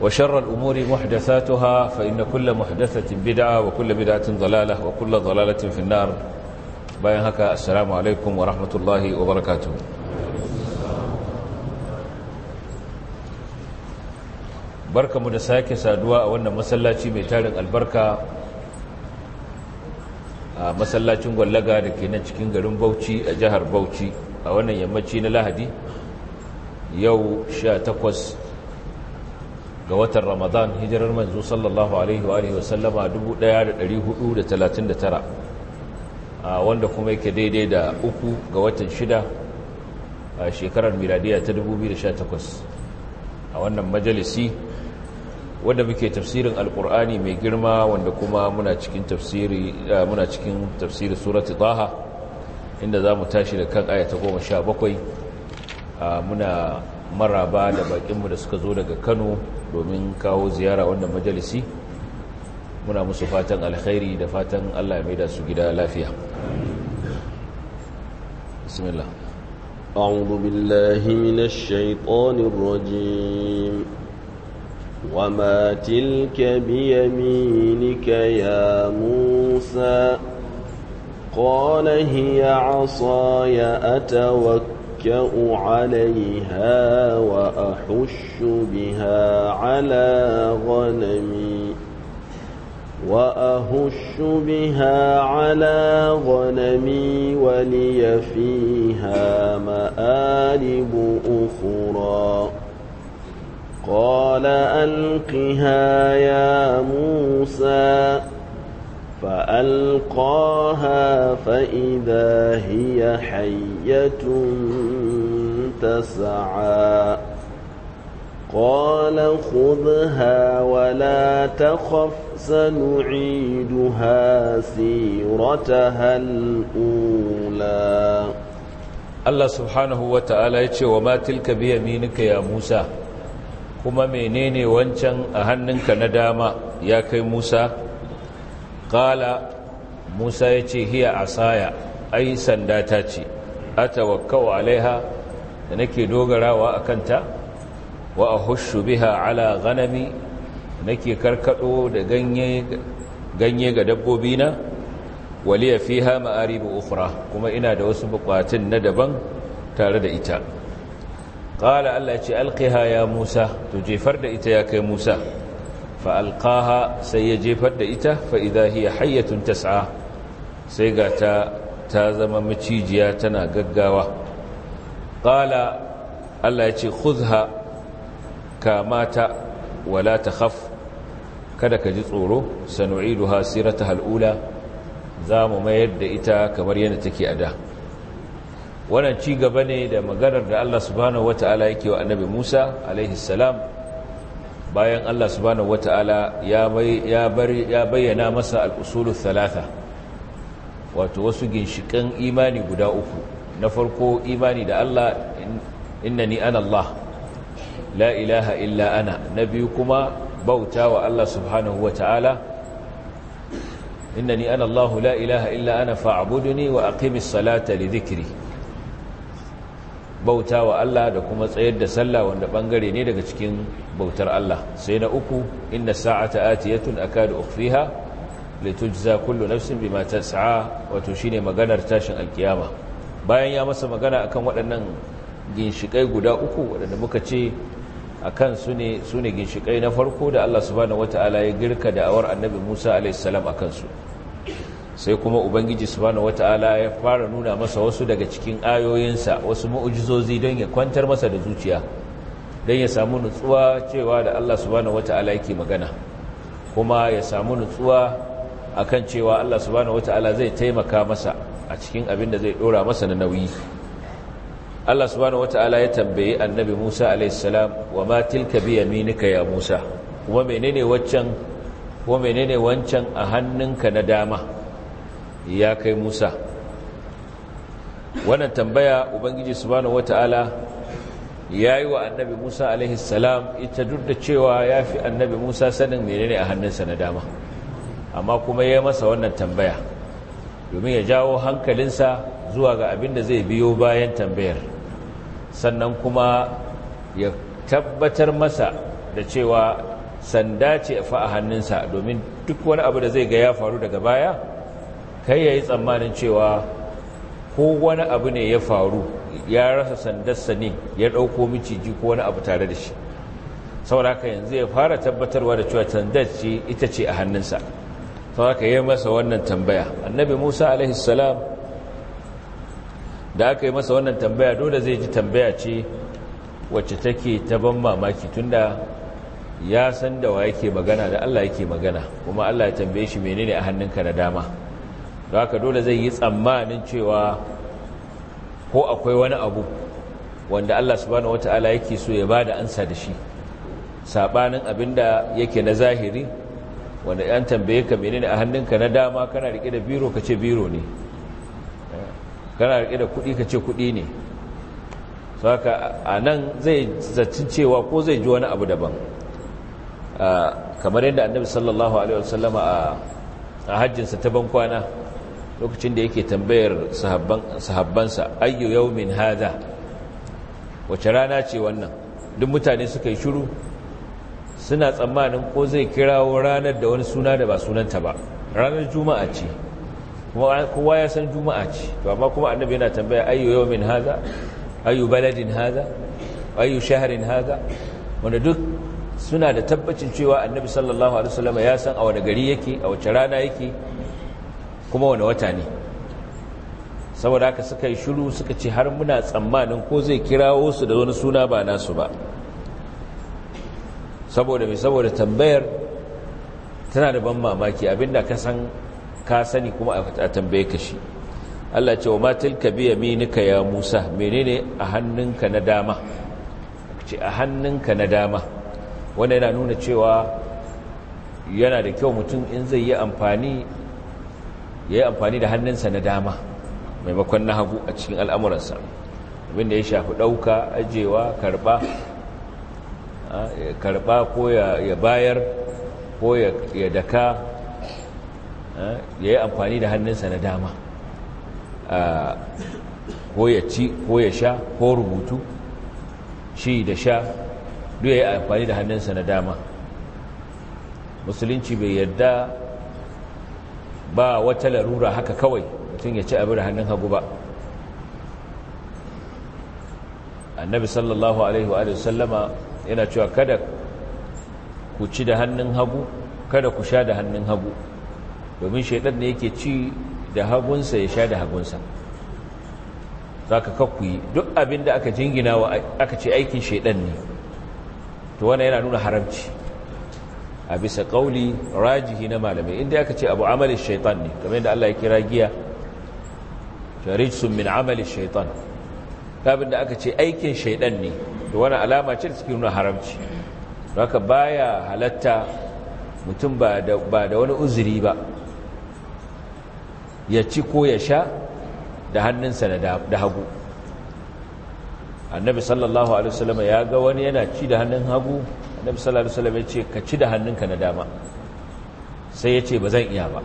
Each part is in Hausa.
وشر الأمور محدثاتها فإن كل محدثة بدعة وكل بدعة ضلالة وكل ضلالة في النار باين هكا السلام عليكم ورحمة الله وبركاته barka mu da sake saduwa a wannan masallaci mai tarin albarka a masallacin gwallaga da ke nan cikin garin bauchi a jihar bauchi a wannan yammaci na lahadi yau 18 ga watan ramadan hijirar manzo sallallahu alaihi wa alihi wasallama 1439 wanda kuma yake daidai da uku ga watan shida a shekarar miladiya ta 2018 a wannan majalisi wanda muke tafsirin alkur'ani mai girma wanda kuma muna cikin tafsiri muna cikin tafsiri surati taha inda za mu tashi da kan ayata goma sha bakwai muna maraba da bakinmu da suka zo daga kano domin kawo ziyara wannan majalisi muna musu fatan alkhairi da fatan Allah mai su gida lafiya bismillah a'udhu billahi minash shaitanir rajim wama tilka bi yaminika ya musa qala hiya 'asa ya atawakkal أتكأ عليها وأحش بها على غنمي وأهش بها على غنمي ولي فيها مآرب أخرى قال ألقها يا موسى فألقاها فإذا هي حية تسعى قال خذها ولا تخف سنعيدها سيرتها الأولى Allah subhanahu wa ta'ala ya ce wa matilka biya minika ya Musa, kuma menene wancan a hannunka na dama ya kai Musa, ƙala musa ya ce hiya asaya ai sanda ta ce a tawakkawa alaiha da nake dogarawa a kanta wa a hushu biha ala ganami nake karkado da ganye ga dabbobi na waliya fiha ma'aribu ukhra kuma ina da wasu bukatun na daban tare da ita qala Allah ce alqiha ya Musa to jefar da ita ya kai Musa fa'alƙaha sai ya jefar da ita fa'iza hiya ta tas'a sai ga ta ta zama macijiya tana gaggawa ƙala Allah ya ce huzha kamata wala ta khaf kada ka ji tsoro sanu'idu ta hal'ula za mu mayar da ita kamar yadda take a da wannan ci gaba ne da maganar da Allah subhanahu wata'ala yake wa annabi Musa alaihi salam bayan Allah subhanahu wata'ala ya ya bayyana masa al-usulul thalatha wato wasu ginshikan imani guda uku na farko imani da Allah innani ana Allah la ilaha illa ana na biyu kuma bauta wa Allah subhanahu wata'ala innani ana Allah la ilaha illa ana fa'budni wa aqimis salata li dhikri bauta wa Allah da kuma tsayar da sallah wanda bangare ne daga cikin bautar Allah sai na uku inna sa'ata atiyatun akadu ukhfiha litujza kullu nafsin bima tas'a wato shine maganar tashin alkiyama bayan ya masa magana akan waɗannan ginshikai guda uku waɗanda muka ce akan su ne su ne ginshikai na farko da Allah subhanahu wataala ya girka da'awar annabi Musa alaihi salam akan su sai kuma ubangiji subhanahu wataala ya fara nuna masa wasu daga cikin ayoyinsa wasu mu'ujizozi don ya kwantar masa da zuciya don ya samu nutsuwa cewa da Allah subhanahu wataala yake magana kuma ya samu nutsuwa akan cewa Allah subhanahu wataala zai taimaka masa a cikin abin da zai ɗora masa na nauyi Allah subhanahu wataala ya tambayi annabi Musa alaihi wa ma tilka bi yaminika ya Musa kuma menene kuma menene wancan a hannunka na dama ya kai musa wannan tambaya ubangiji subhanahu wata'ala ya yi wa annabi musa alaihi salam ita duk da cewa ya fi annabi musa sanin menene a hannunsa na dama amma kuma ya masa wannan tambaya domin ya jawo hankalinsa zuwa ga abin da zai biyo bayan tambayar sannan kuma ya tabbatar masa da cewa sanda ce fa a hannunsa domin duk wani abu da zai ga ya faru daga baya kai ya yi tsammanin cewa ko wani abu ne ya faru ya rasa sandarsa ne ya ɗauko miciji ko wani abu tare da shi sauraka yanzu ya fara tabbatarwa da cewa sandar ce ita ce a hannunsa sauraka yi masa wannan tambaya annabi musa a.s. da aka yi masa wannan tambaya dole zai ji tambaya ce wacce take ta ban mamaki tunda ya san da wa yake magana da allah yake magana kuma allah ya tambaye shi menene a hannunka na dama da ka dole zai yi tsammanin cewa ko akwai wani abu wanda Allah subhanahu wata'ala yake so ya bada ansa da shi sabanin abinda yake na zahiri wanda yan tambaye ka menene a hannunka na dama kana rike da biro kace biro ne kana rike da kudi kace kudi ne saka anan zai zaccin cewa ko zai ji wani abu daban ah, kamar yadda annabi sallallahu alaihi wasallama a hajjinsa ta bankwana lokacin da yake tambayar sahabbansa ayyu yawmin hadha wace rana ce wannan duk mutane suka yi shiru suna tsammanin ko zai kirawo ranar da wani suna da ba sunanta ba ranar juma'a ce kowa ya san juma'a ce to amma kuma annabi yana tambaya ayyu yawmin hadha ayyu baladin hadha ayyu shahrin hadha wanda duk suna da tabbacin cewa annabi sallallahu alaihi wasallam ya san a wani gari yake a wace rana yake kuma wani wata ne saboda haka suka yi shiru suka ce har muna tsammanin ko zai kirawo su da wani suna ba nasu ba saboda mai saboda tambayar tana da ban mamaki abinda ka san ka sani kuma a tambaye ka shi Allah ce wa ka biya minika ya Musa menene a hannunka na dama ce a hannunka na dama wanda yana nuna cewa yana da kyau mutum in zai yi amfani ya yi amfani da hannunsa na dama maimakon na hagu a cikin al'amuransa abinda ya shafi ɗauka ajewa karɓa ko ya bayar ko ya daka ya yi amfani da hannunsa na dama ko ya ci ko ya sha ko rubutu shi da sha duk ya yi amfani da hannunsa na dama musulunci bai yarda ba wata larura haka kawai mutum ya ci abin hannun hagu ba annabi sallallahu alaihi wa sallama yana cewa kada ku ci da hannun hagu kada ku sha da hannun hagu domin shaiɗan ne yake ci da hagunsa ya sha da hagunsa za ka kakwai duk abin da aka jingina wa aka ce aikin shaiɗan ne to wannan yana nuna haramci a bisa kauli rajihi na malamai inda aka ce abu amalin shaitan ne kamar yadda Allah ya kira giya sun min amalin shaitan tabin da aka ce aikin shaitan ne da wani alama ce da cikin nuna haramci haka baya halatta mutum ba da wani uzuri ba ya ci ko ya sha da hannunsa da hagu annabi sallallahu alaihi wasallam ya ga wani yana ci da hannun hagu nabi sallallahu alaihi wasallam ya ce ka ci da hannunka na dama sai ya ce ba zan iya ba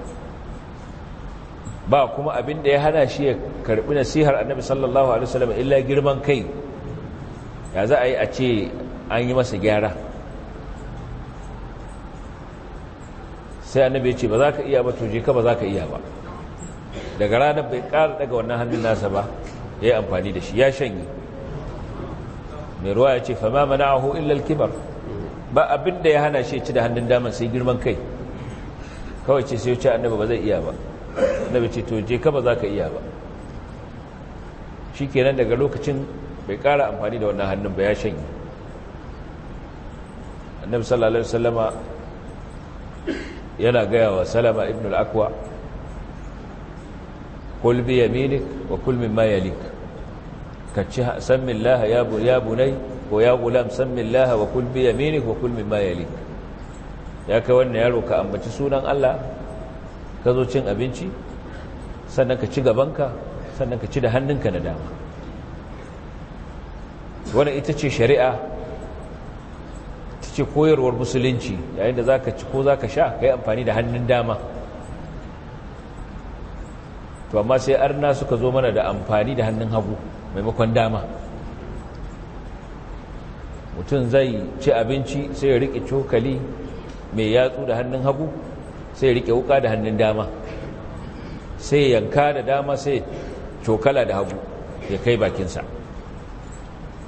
ba kuma abin da ya hana shi ya karbi nasihar annabi sallallahu alaihi wasallam illa girman kai ya za a yi a ce an yi masa gyara sai annabi ya ce ba za ka iya ba to je ka ba za ka iya ba daga ranar bai ƙara daga wannan hannun nasa ba ya yi amfani da shi ya shanye mai ruwa ya ce fama mana'ahu illal kibar ba abin da ya hana shi ci da hannun daman sai girman kai kawai ce sai wuce annaba ba zai iya ba annaba ce to je ka za ka iya ba shi kenan daga lokacin bai kara amfani da wannan hannun ba ya shanye annabi sallallahu alaihi yana gaya wa salama ibn al-akwa kul bi yaminik wa kul mimma yalik ka ci san billahi ya bunai ko ya gulam san Allah wa kul bi yaminik wa kul mimma yalik ya kai wannan yaro ka ambaci sunan Allah ka zo cin abinci sannan ka ci gabanka sannan ka ci da hannunka na dama wannan ita ce shari'a ta ce koyarwar musulunci yayin da zaka ci ko zaka sha kai amfani da hannun dama to amma sai arna suka zo mana da amfani da hannun hagu maimakon dama mutum zai ci abinci sai ya rike cokali mai yatsu da hannun hagu sai ya rike wuka da hannun dama sai yanka da dama sai cokala da hagu ya kai bakinsa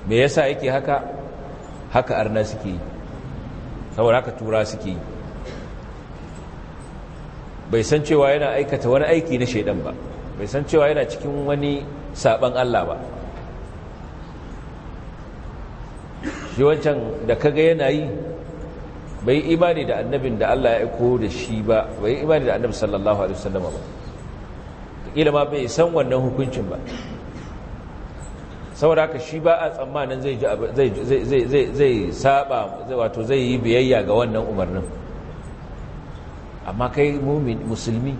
me yasa yake haka haka arna suke yi saboda haka tura suke yi bai san cewa yana aikata wani aiki na shaidan ba bai san cewa yana cikin wani saban Allah ba shi wancan da kaga yana yi bai imani da annabin da Allah ya aiko da shi ba bai imani da annabi sallallahu alaihi wasallam ba kila ma bai san wannan hukuncin ba saboda haka shi ba a tsammanin zai zai zai zai zai saba zai wato zai yi biyayya ga wannan umarnin amma kai mu'min musulmi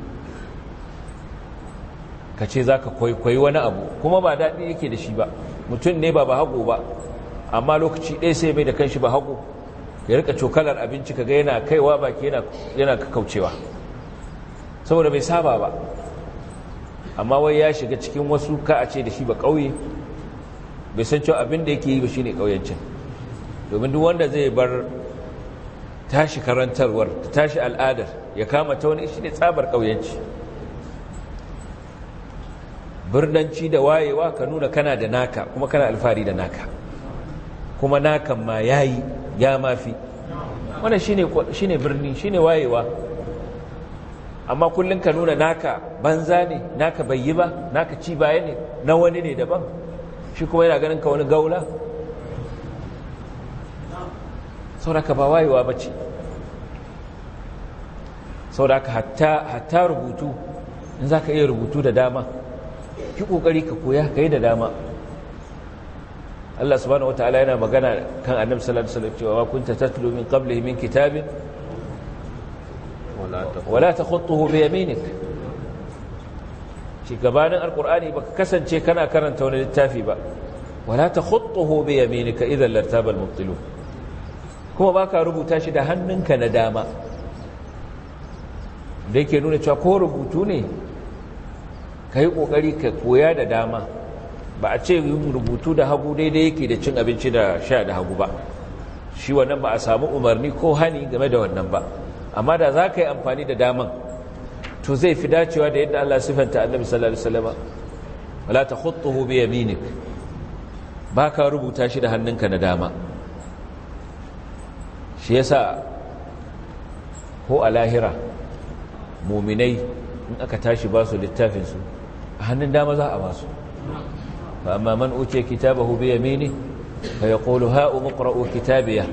kace zaka kwaikwayi wani abu kuma ba dadi yake da shi ba mutum ne ba ba hago ba amma lokaci ɗaya sai mai da kanshi ba hagu ya rika cokalar abinci kaga yana kaiwa baki yana kaucewa saboda bai saba ba amma wai ya shiga cikin wasu ka a ce da shi ba ƙauye bai san cewa abin da yake yi ba shi ne ƙauyancin domin duk wanda zai bar tashi karantarwar tashi al'adar ya kama ta wani shi ne tsabar ƙauyanci birnanci da wayewa ka nuna kana da naka kuma kana alfahari da naka kuma nakan ma yi ya mafi wannan shine ne birni shine wayewa amma kullum ka nuna naka banza ne naka bayyi ba naka ci baya ne na wani ne daban shi kuma yana ganin ka wani gaula sauraka ba wayewa ba ce. sauraka hatta hatta rubutu in za ka iya rubutu da dama ki kokari ka koya ka yi da dama Allah subhanahu ta'ala yana magana kan annabi sallallahu alaihi wasallam cewa kunta tatlu min qablihi min kitabin wala takhutuhu bi yaminik shi gabanin alqur'ani baka kasance kana karanta wani littafi ba wala takhutuhu bi yaminika idan lartabal mubtilun kuma baka rubuta shi da hannunka na dama da yake nuna cewa ko rubutu ne kai ƙoƙari ka koya da dama ba a ce rubutu da hagu daidai yake da cin abinci da sha da hagu ba shi wannan ba a samu umarni ko hani game da wannan ba amma da za ka yi amfani da daman to zai fi dacewa da yadda Allah sifanta annabi sallallahu alaihi wasallam wala takhutuhu bi yaminik baka rubuta shi da hannunka na dama shi yasa ko a lahira muminai in aka tashi ba su littafin su a hannun dama za a ba فأما من أوتي كتابه بيمينه فيقول هاء مقرأ كتابيه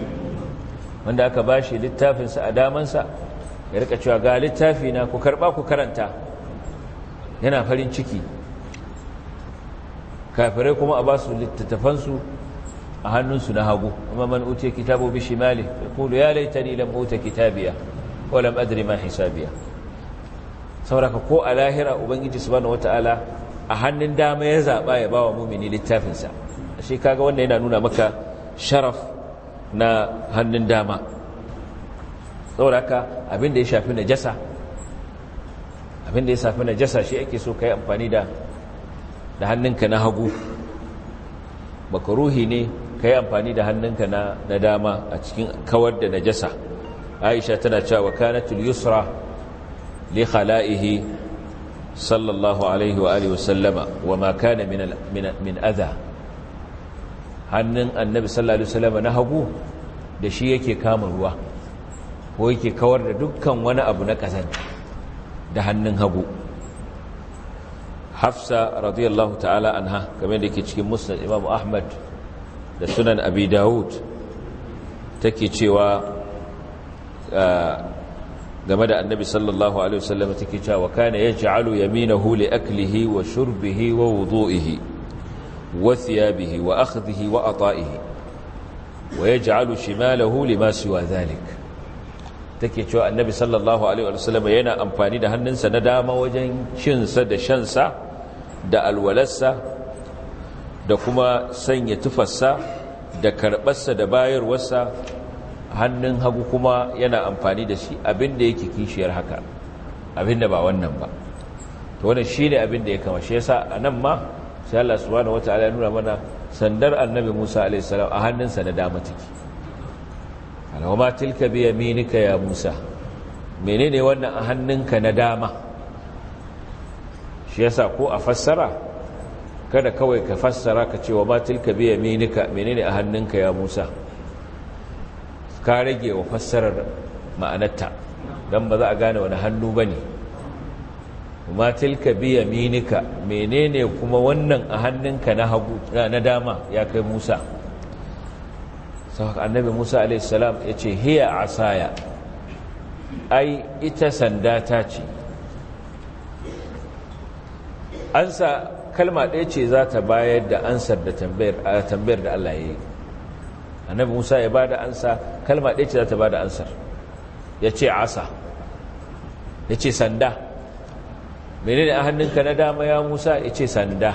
من ذاك باشي للتافنس أدامنس يركا شوى قال للتافنا ككربا كرنتا هنا فلين شكي كافريكم أباس للتتفنسوا a hannunsu na hagu amma man utiya kitabu bi shimali yaqulu ya laitani lam uta kitabiya wa lam ma hisabiya sauraka ko a lahira ubangiji subhanahu wataala a hannun dama ya zaɓa ya ba wa mumini littafinsa shi kaga wanda yana nuna maka sharaf na hannun dama sauraka abinda ya shafi na jasa abinda ya shafi na jasa shi ake so ka yi amfani da hannunka na hagu baka ruhi ne ka yi amfani da hannunka na dama a cikin kawar da na jasa. aisha tana cewa kanatul yusra li khala'ihi sallallahu alaihi wa alihi wasallama wa ma kana min adha hannun annabi sallallahu alaihi wasallama na hagu da shi yake kama ruwa ko yake kawar da dukkan wani abu na kazanta da hannun hagu hafsa radiyallahu ta'ala anha game da ke cikin musnad imam ahmad da sunan abi dawud take cewa uh, game da annabi sallallahu alaihi wasallam take cewa kana yaj'alu yaminahu li aklihi wa shurbihi wa wudu'ihi wa thiyabihi wa akhdhihi wa ata'ihi wa yaj'alu shimalahu lima siwa dhalik take cewa annabi sallallahu alaihi wasallam yana amfani da hannunsa na dama wajen cin sa da shan sa da alwalarsa da kuma sanya tufarsa da karbarsa da bayarwarsa hannun hagu kuma yana amfani da shi abinda yake kishiyar haka abinda ba wannan ba to wannan shine abinda ya kama shi yasa anan ma sai Allah subhanahu wataala ya nuna mana sandar annabi Musa alaihi salam a hannunsa na dama take alawma tilka bi yaminika ya Musa menene wannan a hannunka na dama shi yasa ko a fassara kada kawai ka fassara ka ce wa ma tilka bi yaminika menene a hannunka ya Musa ka rage wa fassarar ma'anarta don ba za a gane wani hannu ba ne ma tilka biya minika menene kuma wannan a hannunka na dama ya kai musa sauka annabi musa a.s. ya ce hiya asaya ai ita sanda ta ce ansa kalma ɗaya ce za ta bayar da ansar da tambayar da Allah ya yi annabi musa ya bada ansa kalma ɗaya ce za ta bada ansar ya ce asa ya ce sanda menene a hannunka na dama ya musa ya ce sanda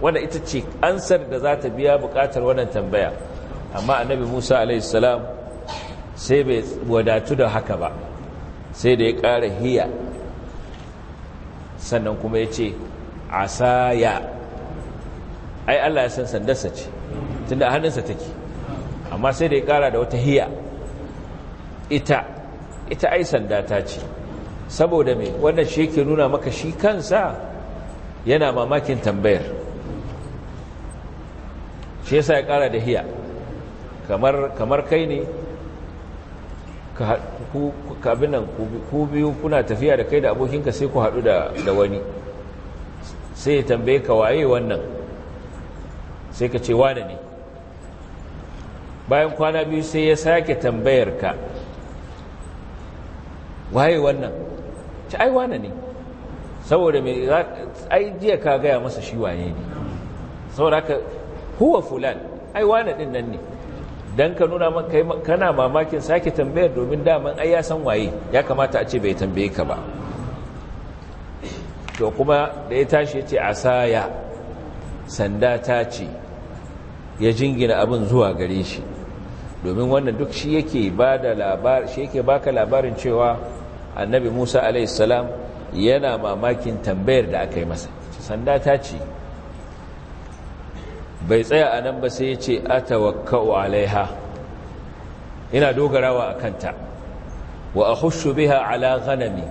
wanda ita ce ansar da za ta biya bukatar wannan tambaya amma annabi musa alaihissalam sai bai wadatu da haka ba sai da ya ƙara hiya sannan kuma ya ce ya, ai allah ya san sandarsa ce tunda a hannunsa take amma sai da ya kara da wata hiya ita ita ai sanda ta ce saboda me wannan shi yake nuna maka shi kansa yana mamakin tambayar shi yasa ya kara da hiya kamar kai ne ka ku biyu kuna tafiya da kai da abokinka sai ku haɗu da wani sai ya tambaye ka waye wannan sai ka ce wane ne bayan kwana biyu sai ya sake tambayar ka waye wannan ci ai wane ne saboda mai ai jiya ka gaya masa shi waye ne saboda ka huwa fulan ai wane din nan ne don ka nuna kana mamakin sake tambayar domin daman ai ya san waye ya kamata a ce bai tambaye ka ba to kuma da ya tashi ya a saya. sanda ta ce ya jingina abin zuwa gare shi domin wannan duk shi yake ba labar shi yake baka labarin cewa annabi Musa alaihi salam yana mamakin tambayar da aka yi masa sanda ta ce bai tsaya a nan ba sai ya ce atawakkau alaiha ina dogarawa a kanta wa hushu biha ala ghanami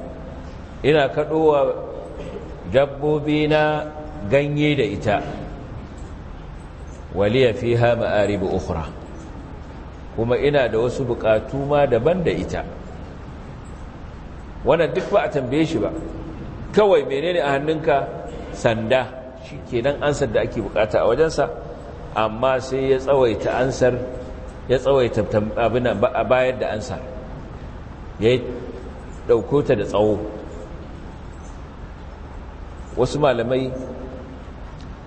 ina kaɗowa dabbobi na ganye da ita waliya fiha ma'arib ukura. kuma ina da wasu bukatu ma daban da ita wannan duk ba a tambaye shi ba kawai menene a hannunka sanda shi ansar da ake bukata a wajensa amma sai ya tsawaita ansar ya tsawaita abin a bayar da ansa ya ɗauko ta da tsawo wasu malamai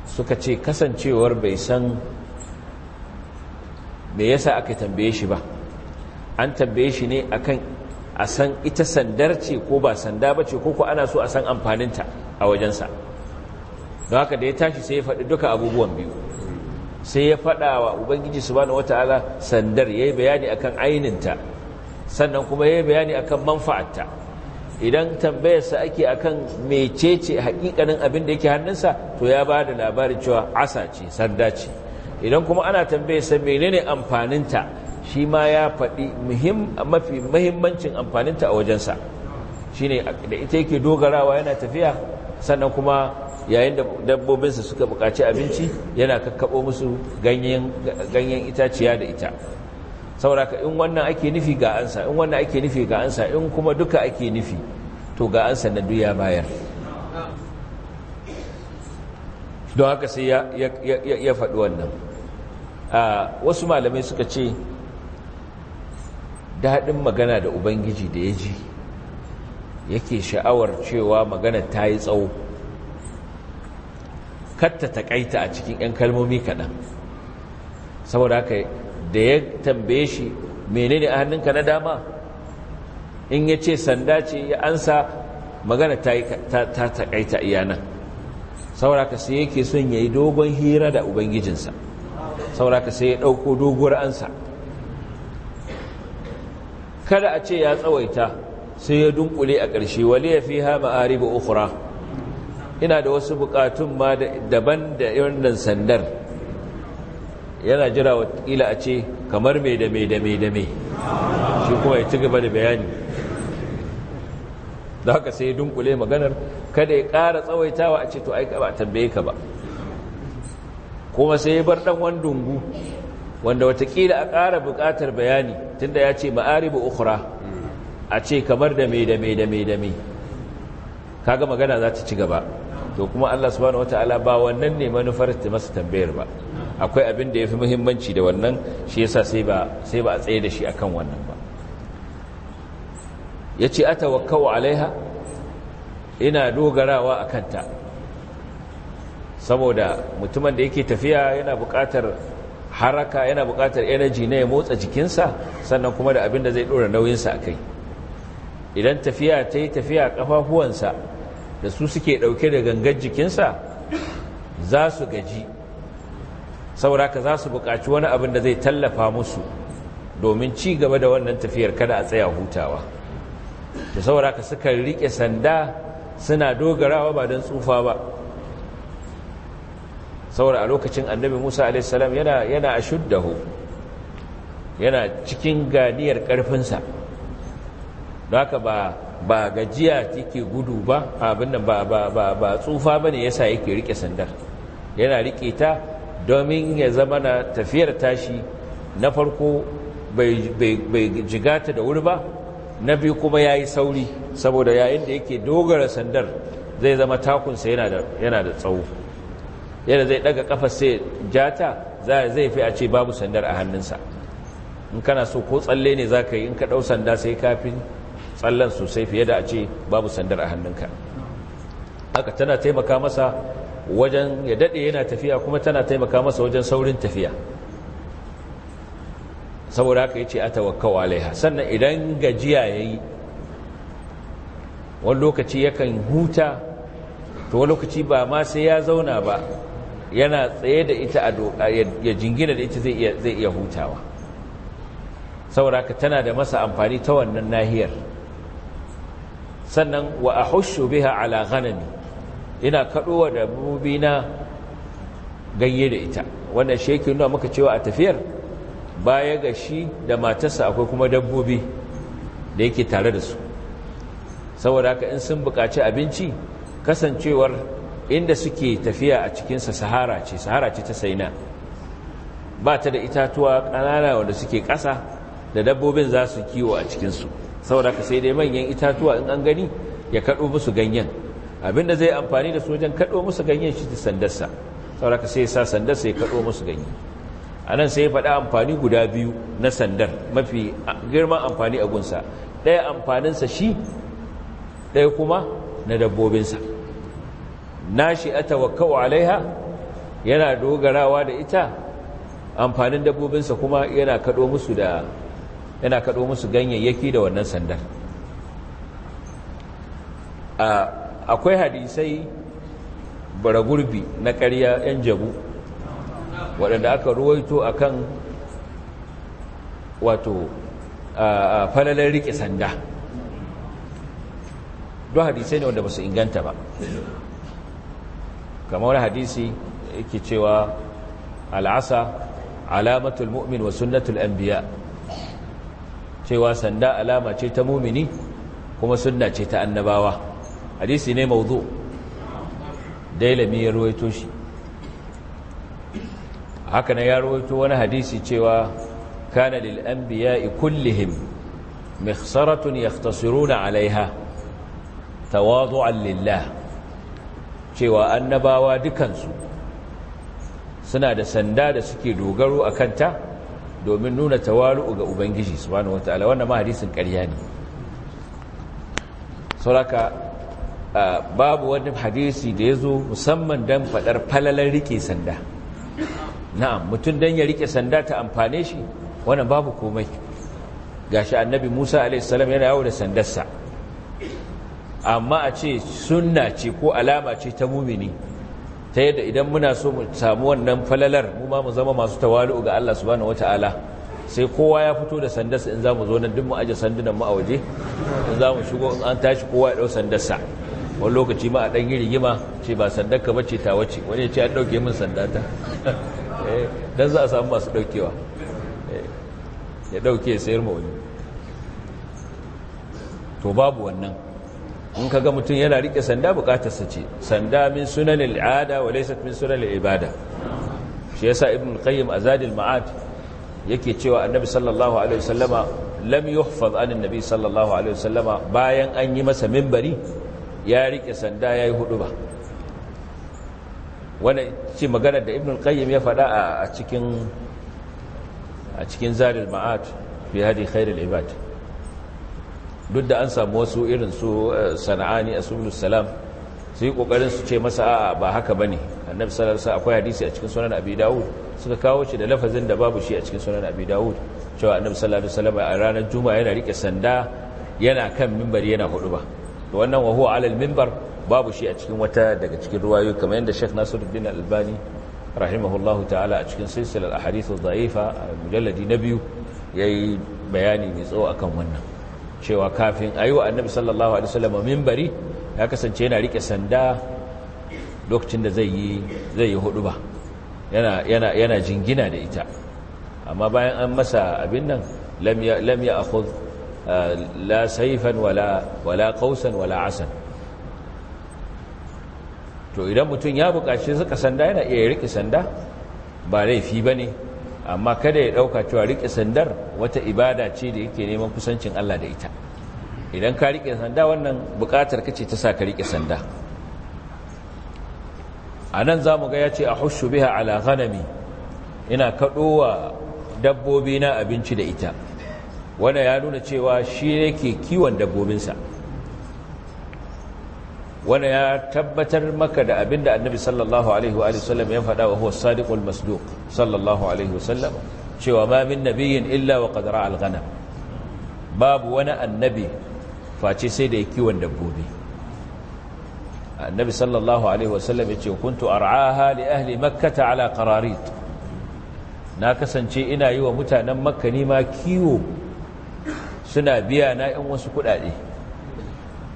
suka ce kasancewar bai san me yasa aka tambaye shi ba an tambaye shi ne akan a san ita sandar ce ko ba sanda ba ce ko ko ana so a san amfaninta a wajensa don haka da ya tashi sai ya faɗi duka abubuwan biyu sai ya faɗa wa ubangiji wata ala sandar yayi bayani akan aininta sannan kuma ya yi bayani akan manfa'atta idan tambayarsa ake akan mecece hakikanin abin da yake hannunsa to ya ba da labarin cewa asa ce sanda ce idan kuma ana tambaye sa menene amfaninta shi ma ya faɗi mafi mahimmancin amfaninta a wajensa shi ne da ita yake dogarawa yana tafiya sannan kuma yayin da dabbobinsa suka buƙaci abinci yana kakkaɓo musu ganyen itaciya da ita sauraka in wannan ake nufi ga ansa in wannan ake nufi ga ansa in kuma duka ake nufi to ga ansa na duya bayar don haka sai ya faɗi wannan wasu malamai suka ce daɗin magana da ubangiji da ya ji yake sha'awar cewa magana ta yi tsawo katta taƙaita a cikin 'yan kalmomi kaɗan saboda haka da ya tambaye shi menene a hannunka na dama in ya ce sanda ce ya ansa magana ta taƙaita iyanan saboda haka sai yake son ya yi dogon hira da ubangijinsa sauraka sai ya ɗauko doguwar ansa kada a ce ya tsawaita sai ya dunkule a ƙarshe wale ya fi hama ariba ukura ina da wasu bukatun ma daban da wannan sandar yana jira watakila a ce kamar mai da mai da mai da mai shi kuma ya ci gaba da bayani da haka sai ya dunkule maganar kada ya ƙara tsawaitawa a ce to aika ba tambaye ka ba kuma sai ya bar ɗan wani dungu wanda watakila a ƙara buƙatar bayani tunda ya ce ma'aribu ukhra a ce kamar da mai da mai da mai da mai kaga magana za ta ci gaba to kuma Allah subhanahu wataala ba wannan ne manufar ta masa tambayar ba akwai abin da fi muhimmanci da wannan shi yasa sai ba sai ba a tsaye da shi akan wannan ba yace atawakkau alaiha ina dogarawa a ta saboda mutumin da yake tafiya yana buƙatar haraka yana buƙatar energy na ya motsa jikinsa sannan kuma da abin da zai ɗora nauyinsa a kai idan tafiya ta yi tafiya ƙafafuwansa da su suke ɗauke da gangar jikinsa za su gaji saboda ka za su buƙaci wani abin da zai tallafa musu domin ci gaba da wannan tafiyar kada a tsaya hutawa da saboda ka suka riƙe sanda suna dogarawa ba don tsufa ba saboda a lokacin annabi musa alaihissalam yana yana shuddahu yana cikin ganiyar karfinsa da haka ba ba gajiya take gudu ba abin ba ba ba ba tsufa bane yasa yake rike sandar yana riƙe ta domin ya zama na tafiyar tashi na farko bai jigata da wuri ba na biyu kuma ya yi sauri saboda yayin da yake dogara sandar zai zama takunsa yana da tsawo yadda zai daga kafa sai jata zai fi a ce babu sandar a hannunsa in kana so ko tsalle ne za ka yi in ka ɗau sanda sai kafin tsallen sosai fiye da a ce babu sandar a hannunka haka tana taimaka masa wajen ya dade yana tafiya kuma tana taimaka masa wajen saurin tafiya saboda haka ya ce a tawakkau alaiha sannan idan gajiya ya yi wani lokaci yakan huta to wani lokaci ba ma sai ya zauna ba yana tsaye da ita a doka ya jingina da ita zai iya hutawa saboda tana da masa amfani ta wannan nahiyar sannan wa a hushu biha ala ghanami ina kaɗowa da bubi na ganye da ita wannan shi nuna muka cewa a tafiyar baya ga shi da matarsa akwai kuma dabbobi da yake tare da su saboda haka in sun buƙaci abinci kasancewar inda suke tafiya a cikinsa sahara ce sahara ce ta saina ba ta da itatuwa ƙanana wanda suke ƙasa da dabbobin za su kiwo a cikinsu saboda ka sai dai manyan itatuwa in an gani ya kaɗo musu ganyen abinda zai amfani da sojan kaɗo musu ganyen shi ta sandarsa saboda ka sai sa sandarsa ya kaɗo musu ganye a nan sai faɗa amfani guda biyu na sandar mafi girman amfani a gunsa ɗaya amfaninsa shi ɗaya kuma na dabbobinsa nashi atawakkau alaiha yana dogarawa da ita amfanin dabbobinsa kuma yana kaɗo musu da yana kado musu ganyayyaki da wannan sandar akwai hadisai baragurbi na ƙarya 'yan jabu waɗanda aka ruwaito akan wato falalar riƙe sanda don hadisai ne wanda ba su inganta ba kama wani hadisi yake cewa al'asa alamatul mu'min wa sunnatul anbiya cewa sanda alama ce ta mumini kuma sunna ce ta annabawa hadisi ne mawdu dailami ya ruwaito shi haka na ya ruwaito wani hadisi cewa kana lil anbiya'i kullihim mikhsaratun yahtasiruna alaiha tawadu'an lillah cewa annabawa dukansu suna da sanda da suke dogaro a kanta domin nuna tawalu'u ga ubangiji subhanahu wataala wannan ma hadisin ƙarya ne sauraka babu wani hadisi da ya zo musamman don faɗar falalar rike sanda na'am mutum don ya rike sanda ta amfane shi wannan babu komai gashi annabi musa a.s. yana yawo da sandarsa amma a ce sunna ce ko alama ce ta mumini ta yadda idan muna so mu samu wannan falalar mu ma mu zama masu tawali'u ga Allah subhanahu wataala sai kowa ya fito da sandarsa in za mu zo nan duk mu aje sandunan mu a waje in za mu shigo in an tashi kowa ya dau sandarsa wani lokaci ma a dan yi rigima ce ba sandarka ka ce ta wace wani ya ce an dauke min sandata eh, don za a samu masu daukewa eh, ya dauke sayar mu wani to babu wannan in ka ga mutum yana rike sanda bukatarsa ce sanda min sunan al'ada wa laysat min sunan al'ibada shi yasa ibn qayyim azadil ma'ad yake cewa annabi sallallahu alaihi wasallama lam yuhfaz an annabi sallallahu alaihi wasallama bayan an yi masa minbari ya rike sanda yayi ba wannan ce maganar da ibn qayyim ya faɗa a cikin a cikin zadil ma'ad fi hadi khairul ibad duk da an samu wasu irin su eh, sana'ani a sulhu salam su yi kokarin su ce masa a'a ba haka bane annabi sallallahu akwai hadisi a cikin sunan abi dawud suka kawo shi da lafazin da babu shi a cikin sunan abi dawud cewa annabi sallallahu alaihi a ranar juma'a yana rike sanda yana kan minbari yana hudu ba to wannan wa huwa alal minbar babu shi a cikin wata daga cikin ruwayoyi kamar yadda Sheikh Nasiruddin Albani rahimahullahu ta'ala a cikin silsilar ahadithu dha'ifa mujalladi na biyu yayi bayani mai tsawo akan wannan cewa kafin a wa annabi sallallahu alaihi wasallam mimbari ya kasance yana rike sanda lokacin da zai yi zai yi hudu ba yana yana yana jingina da ita amma bayan an masa abin nan lam ya lam ya eh, la sayfan wala wala qausan wala asan to idan mutum ya buƙaci suka sanda yana iya rike sanda ba laifi bane amma kada ya ɗauka cewa rike sandar wata ibada ce da yake neman kusancin Allah da ita idan ka rike sanda wannan buƙatar kace ta sa ka riƙe sanda anan nan za mu ga ya ce a hushu biha ala ghanami ina kaɗowa dabbobi na abinci da ita wanda ya nuna cewa shi yake kiwon dabbobinsa wanda ya tabbatar maka da abin da annabi sallallahu alaihi wa sallam ya faɗa wa huwa sadiqul masduq sallallahu alaihi wa sallam cewa ma min nabiyyin illa wa qad ra'a al-ghanam babu wani annabi face sai da ya kiwon dabbobi annabi sallallahu alaihi wa sallam ya ce kuntu ar'aha li ahli makkah ala qararit na kasance ina yi wa mutanen makka ne ma kiwo suna biya na yan wasu kuɗaɗe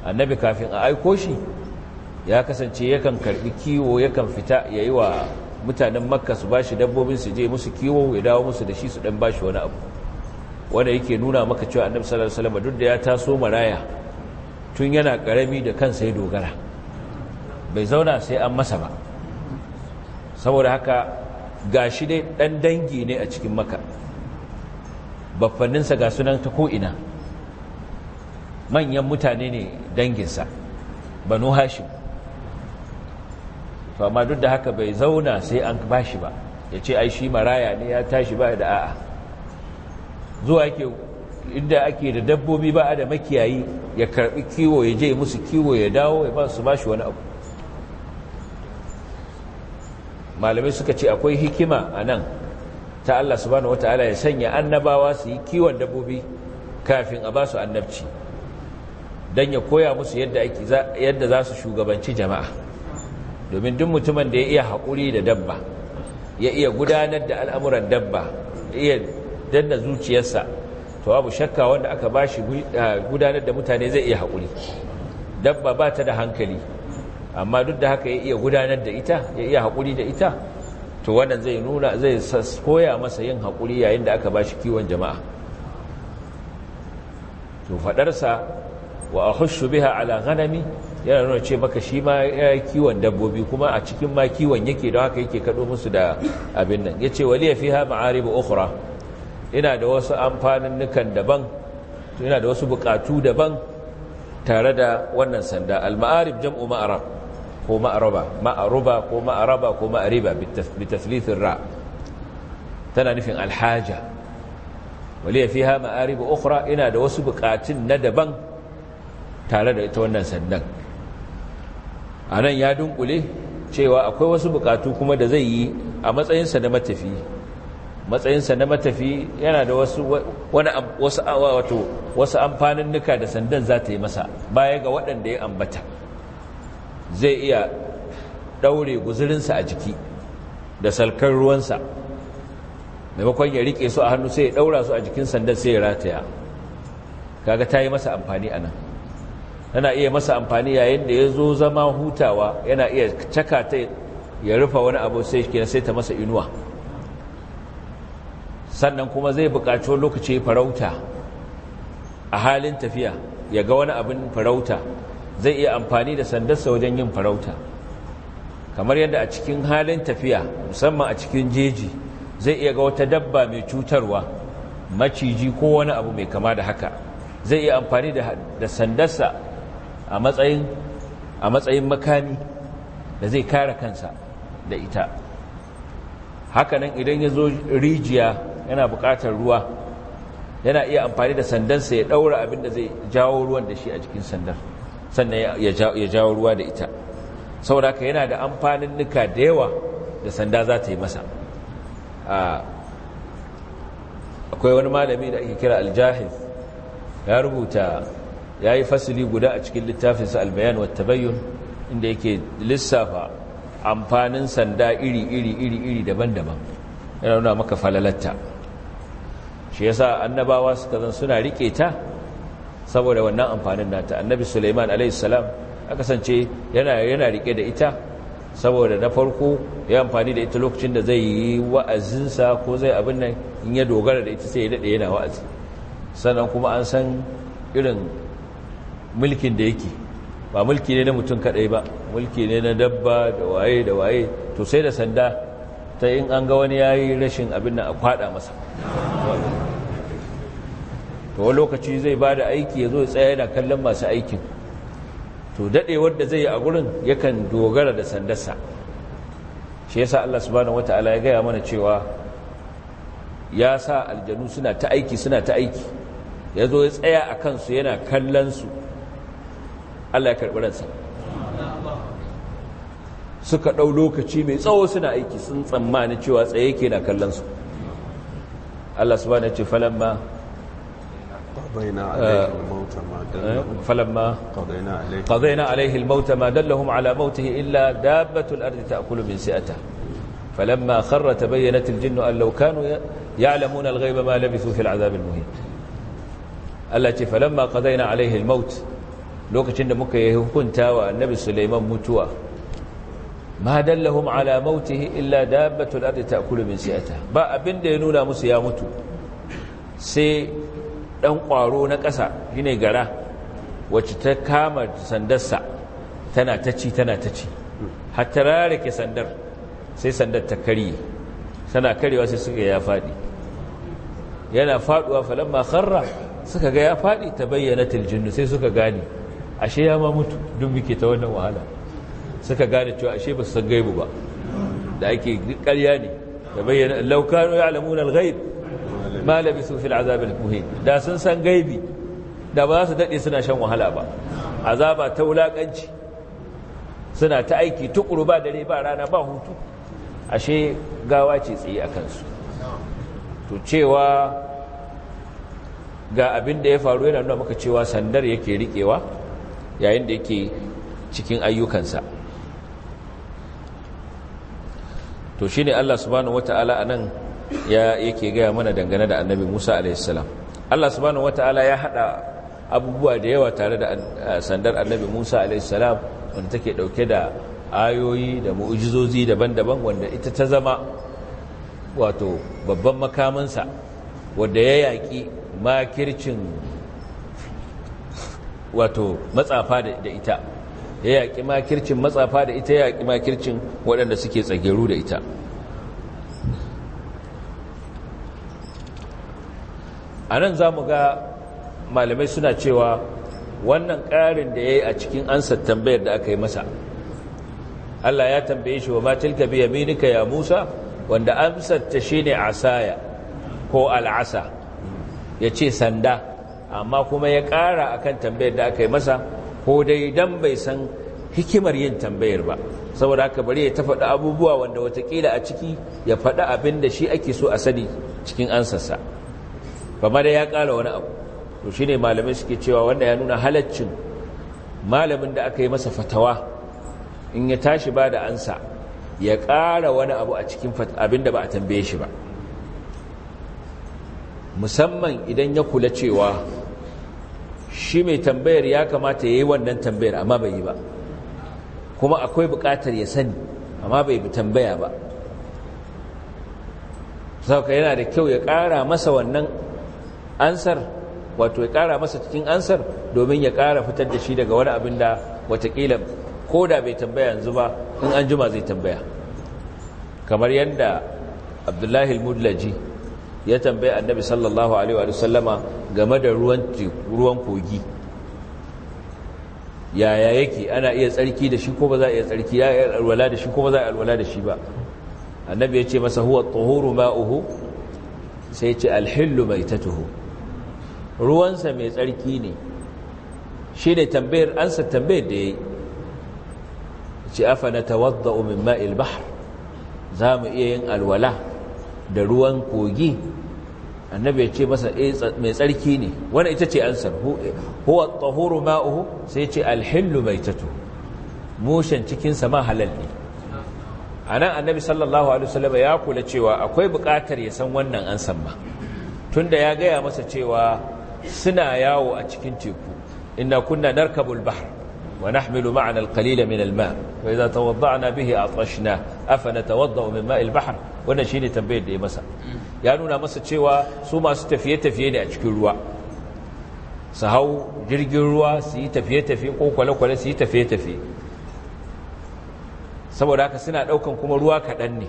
annabi kafin a aiko shi ya kasance yakan karbi kiwo yakan fita yayi wa mutanen makka su bashi dabbobin su je musu kiwo ya dawo musu da shi su dan bashi wani abu wanda yake nuna maka cewa annabi sallallahu alaihi wasallam duk da ya taso maraya tun yana karami da kansa ya dogara bai zauna sai an masa ba saboda haka gashi dai dan dangi ne a cikin makka baffanninsa ga sunan ta ko'ina manyan mutane ne danginsa banu hashim to amma duk da haka bai zauna sai an bashi ba ya ce ai shi maraya ne ya tashi ba da a'a zuwa yake inda ake da dabbobi ba da makiyayi ya karbi kiwo ya je musu kiwo ya dawo ya ba su bashi wani abu malamai suka ce akwai hikima a nan ta Allah subhanahu ala ya sanya annabawa su yi kiwon dabbobi kafin a ba su annabci don ya koya musu yadda za su shugabanci jama'a domin duk mutumin da ya iya haƙuri da dabba ya iya gudanar da al'amuran dabba ya iya danna zuciyarsa to babu shakka wanda aka ba shi gudanar da mutane zai iya haƙuri dabba ba ta da hankali amma duk da haka ya iya gudanar da ita ya iya haƙuri da ita to wannan zai nuna zai koya masa yin haƙuri yayin da aka ba shi kiwon jama'a to faɗarsa wa a hushu biha ala ghanami yana nuna ce maka shi ma ya kiwon dabbobi kuma a cikin ma kiwon yake da haka yake kaɗo musu da abin nan ya ce waliya fi ha ma'aribu ukhra ina da wasu amfaninnukan daban ina da wasu buƙatu daban tare da wannan sanda al-ma'arib jam'u ma'arab ko ma'araba ma'aruba ko ma'araba ko ma'ariba bi tathlithin ra tana nufin alhaja waliya fiha ma'arib ukhra ina da wasu buƙatun na daban tare da ita wannan sandan anan ya dunkule cewa akwai wasu bukatu kuma da zai yi a matsayinsa na matafi matsayinsa na matafi yana da wasu wato wasu amfanin nuka da sandan za ta yi masa baya ga waɗanda ya ambata zai iya ɗaure guzurinsa a jiki da salkar ruwansa maimakon ya rike su a hannu sai ya ɗaura su a jikin sandan sai ya rataya kaga ta yi masa amfani anan. tana iya masa amfani yayin da ya zo zama hutawa yana iya caka ta ya rufa wani abu sai kina sai ta masa inuwa sannan kuma zai buƙaci wani lokaci farauta a halin tafiya ya ga wani abin farauta zai iya amfani da sandarsa wajen yin farauta kamar yadda a cikin halin tafiya musamman a cikin jeji zai iya ga wata dabba mai cutarwa maciji ko wani abu mai kama da haka zai iya amfani da sandarsa a matsayin a makami da zai kare kansa da ita hakanan idan ya zo rijiya yana bukatar ruwa yana iya amfani da sandansa ya daura abin da zai jawo ruwan da shi a jikin sandar sannan ya jawo ruwa da ita saboda yana da amfanin nuka da yawa da sanda za ta yi masa akwai wani malami da ake kira aljahil ya rubuta ya yi fasili guda a cikin littafinsa albayan wata bayyun inda yake lissafa amfanin sanda iri-iri-iri iri daban-daban yana nuna maka falalatta shi ya sa annabawa suka zan suna rike ta saboda wannan amfanin nata annabi suleiman a.s. a kasance yana rike da ita saboda na farko ya amfani da ita lokacin da zai yi wa'azinsa ko zai abin nan in ya dogara da ita sai ya daɗe yana wa'azi sannan kuma an san irin mulkin da yake ba mulki ne na mutum kadai ba mulki ne na dabba da waye da waye to sai da sanda ta in an ga wani yayi rashin abin nan a kwada masa to wani lokaci zai ba da aiki ya zo ya tsaya yana kallon masu aikin to daɗe wadda zai yi a gurin yakan dogara da sandarsa shi yasa Allah subhanahu wataala ya gaya mana cewa ya sa aljanu suna ta aiki suna ta aiki ya zo ya tsaya a kansu yana kallon su Allah ya karɓi ransa suka ɗau lokaci mai tsawo suna aiki sun tsammani cewa tsaye ke na kallon su Allah su bane ce falamma falamma ƙazaina alaihi almauta ma dallahum ala mautihi illa dabbatul ardi ta'kulu min si'ata falamma kharra tabayyanat aljinnu an law kanu ya'lamuna alghayba ma labithu fil azab almuhin Allah ce falamma ƙazaina alaihi almaut lokacin da muka yi hukunta wa annabi Sulaiman mutuwa ma dallahum ala mautihi illa dabbatul ardi ta'kulu min siyata ba abin da ya nuna musu ya mutu sai dan kwaro na ƙasa shine gara wacce ta kama sandarsa tana ta ci tana ta ci har ta rarake sandar sai sandar ta karye tana karewa sai suka ya faɗi yana faɗuwa falamma kharra suka ga ya faɗi ta bayyana tiljinnu sai suka gane ashe ya ma mutu don muke ta wannan wahala suka gane cewa ashe ba su san gaibu ba da ake karya ne da bayyana laukano ya alamun alghaib ma labisu fil azabil muhin da sun san gaibi da ba su daɗe suna shan wahala ba azaba ta wulaƙanci suna ta aiki tukuru ba dare ba rana ba hutu ashe gawa ce tsaye a kansu to cewa ga abin da ya faru yana nuna maka cewa sandar yake riƙewa yayin da yake cikin ayyukansa to shine Allah subhanahu wataala anan ya yake gaya mana dangane da annabi Musa alaihissalam Allah subhanahu wataala ya haɗa abubuwa da yawa tare da sandar annabi Musa alaihissalam wanda take dauke da ayoyi da mu'ujizozi daban-daban wanda ita ta zama wato babban makamansa wanda ya yaki makircin wato matsafa da ita ya yaƙi makircin matsafa da ita ya yaƙi makircin waɗanda suke tsageru da ita a nan za mu ga malamai suna cewa wannan ƙarin da ya yi a cikin ansar tambayar da aka yi masa Allah ya tambaye shi wa matilka biya. minika ya Musa wanda amsar ta ne asaya ko al'asa ya ce sanda amma kuma ya ƙara a kan tambayar da aka yi masa ko dai dan bai san hikimar yin tambayar ba saboda haka bari ya tafaɗa abubuwa wanda watakila a ciki ya faɗa abin da shi ake so a sani cikin ansarsa ba da ya ƙara wani abu to shi ne malamai suke cewa wanda ya nuna halaccin malamin da aka yi masa fatawa in ya tashi ba da ansa ya ƙara wani abu a cikin abin da ba a tambaye shi ba musamman idan ya kula cewa shi mai tambayar ya kamata ya yi wannan tambayar amma bai yi ba kuma akwai buƙatar ya sani amma bai bi tambaya ba sauka yana da kyau ya ƙara masa wannan ansar wato ya ƙara masa cikin ansar domin ya ƙara fitar da shi daga wani abin da watakila ko da bai tambaya yanzu ba in an juma zai tambaya kamar yadda abdullahi mudlaji ya tambaye annabi sallallahu alaihi wa sallama game da ruwan kogi yaya yake ana iya tsarki da shi ko ba za a iya tsarki ya iya alwala da shi ko ba za a alwala da shi ba annabi ya ce masa huwa tuhuru ma'uhu sai ya ce alhillu ta maitatuhu ruwansa mai tsarki ne shi ne tambayar ansa tambayar da ya yi ce afa na tawadda umin ma'il bahar za mu iya yin alwala da ruwan kogi annabi ya ce masa eh, mai tsarki ne wani ita ce ansar huwa tahuru ma'uhu sai ce alhillu maitatu mushen cikinsa ma halal ne a nan annabi sallallahu alaihi wasallam ya kula cewa akwai bukatar ya san wannan ansan ma tunda ya gaya masa cewa suna yawo a cikin teku inna kunna narkabul bahr wa nahmilu ma'ana alqalila min alma wa idza tawadda'na bihi atashna afa natawadda'u min ma'il bahr wannan shine tambayar da ya masa ya nuna masa cewa su masu tafiye-tafiye ne a cikin ruwa su hau jirgin ruwa su yi tafiye-tafiye ko kwale-kwale su yi tafiye-tafiye saboda haka suna ɗaukan kuma ruwa kaɗan ne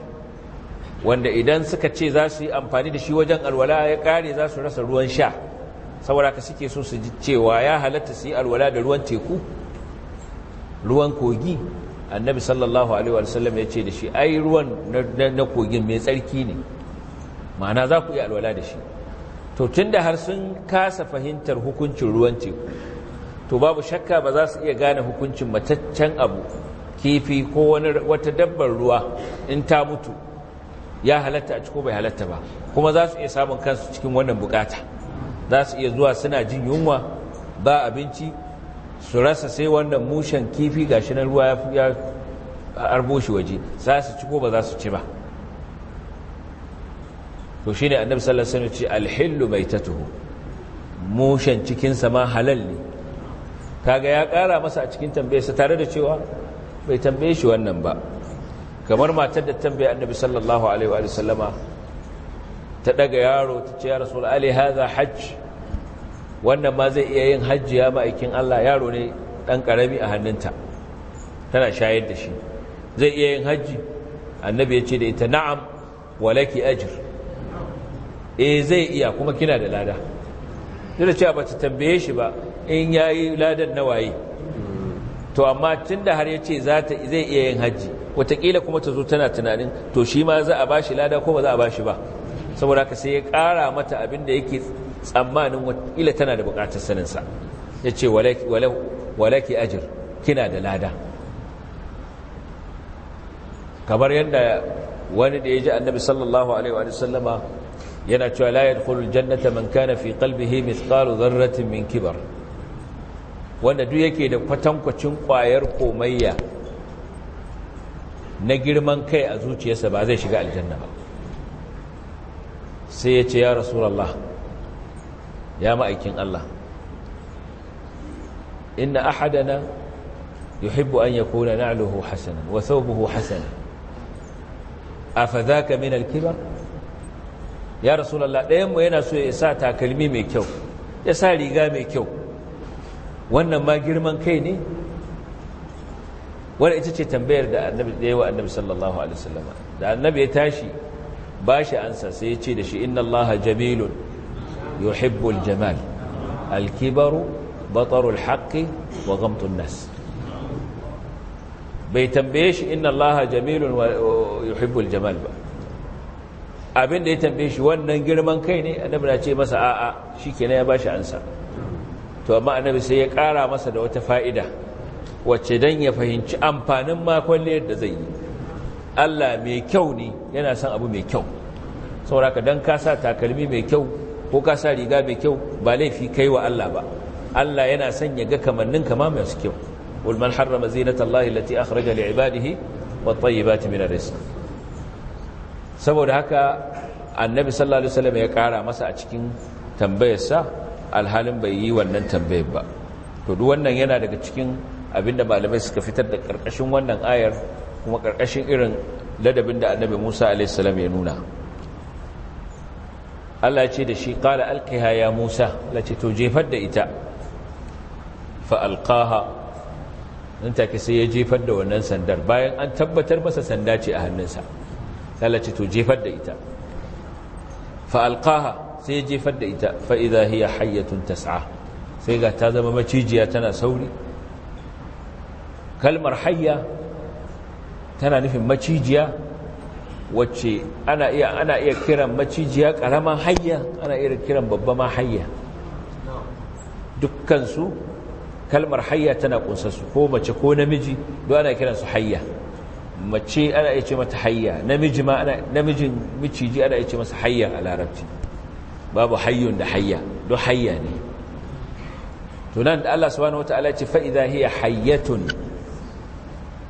wanda idan suka ce za su yi amfani da shi wajen alwala ya ƙare za su rasa ruwan sha saboda haka suke so su ji cewa ya halatta su yi alwala da ruwan teku ruwan kogi annabi sallallahu alaihi wasallam ya ce da shi ai ruwan na kogin mai tsarki ne ma'ana za ku iya alwala da shi to tun da har sun kasa fahimtar hukuncin ruwan teku to babu shakka ba za su iya gane hukuncin mataccen abu kifi ko wata dabbar ruwa in ta mutu ya halatta a ciko bai halatta ba kuma za su iya samun kansu cikin wannan bukata za su iya zuwa suna jin yunwa ba abinci su rasa sai wannan mushen kifi gashi na ruwa ya arbo shi waje za su ciko ba za su ci ba to shi ne annabi sallallahu alaihi wasallam ce alhillu maitatuhu mushen cikinsa ma halal ne kaga ya kara masa a cikin tambayarsa tare da cewa bai tambaye shi wannan ba kamar matar da tambaye annabi sallallahu alaihi wa sallama ta daga yaro ta ce ya rasul ali hadha hajj wannan ma zai iya yin hajji ya ma'aikin Allah yaro ne dan karami a hannunta tana shayar da shi zai iya yin hajji annabi ya ce da ita na'am walaki ajr eh zai iya kuma kina da lada duk cewa ba ta tambaye shi ba in yayi ladan na waye. to amma tunda har yace za zai iya yin hajji, watakila kuma ta zo tana tunanin to shi ma za a bashi lada ko ba za a ba shi ba saboda ka sai ya kara mata abin da yake tsammanin watakila tana da buƙatar saninsa ya ce walaki ajir kina da lada kamar yadda wani da ya ji annabi sallallahu alaihi wa sallama yana cewa la yadkhulul jannata man kana fi qalbihi mithqalu dharratin min kibar wanda duk yake da kwatankwacin kwayar komayya na girman kai a zuciyarsa ba zai shiga aljanna ba sai ya ce ya rasulullah ya ma'aikin Allah inna ahadana yuhibbu an yakuna na'luhu hasanan wa thawbuhu hasanan afadhaka min al-kibar ya rasulullah ɗayan mu yana so ya sa takalmi mai kyau ya sa riga mai kyau wannan ma girman kai ne wadda ita ce tambayar da annabi da annabi sallallahu alaihi da annabi ya tashi ba shi ansa sai ya ce da shi inna allaha jamilun yuhibbul jamal alkibaru batarul haqqi wa nas bai tambaye shi inna allaha jamilun yuhibbul jamal ba abin da ya tambaye shi wannan girman kai ne annabi na ce masa a'a shikenan ya ba shi ansa to amma annabi sai ya kara masa da wata fa'ida wacce dan ya fahimci amfanin makon da zai yi Allah mai kyau ne yana son abu mai kyau sauraka dan ka sa takalmi mai kyau ko ka sa riga mai kyau ba laifi kai wa Allah ba Allah yana son ya ga kamannin kama masu kyau ulman harrama zinatallahi allati akhraja li'ibadihi wat tayyibati rizq saboda haka annabi sallallahu alaihi wasallam ya kara masa a cikin tambayarsa alhalin bai yi wannan tambayar ba to duk wannan yana daga cikin abinda malamai suka fitar da karkashin wannan ayar kuma karkashin irin ladabin da annabi Musa alaihi salam ya nuna Allah ce da shi qala alqiha ya Musa la ce to jefar da ita fa alqaha nan take sai ya jefar da wannan sandar bayan an tabbatar masa sanda ce a hannunsa Allah to jefar da ita fa alqaha sai jefar da ita fa idha hiya hayyatun tas'a sai ga ta zama macijiya tana sauri kalmar hayya tana nufin macijiya wacce ana iya ana iya kiran macijiya karama hayya ana iya kiran babba ma hayya dukkansu kalmar hayya tana kunsa su ko mace ko namiji don ana kiransu hayya mace ana iya ce mata hayya namiji ma ana namijin miciji ana iya ce masa hayya a larabci babu hayyun da hayya don hayya ne to nan da Allah subhanahu wata ya ce fa hiya hayyatun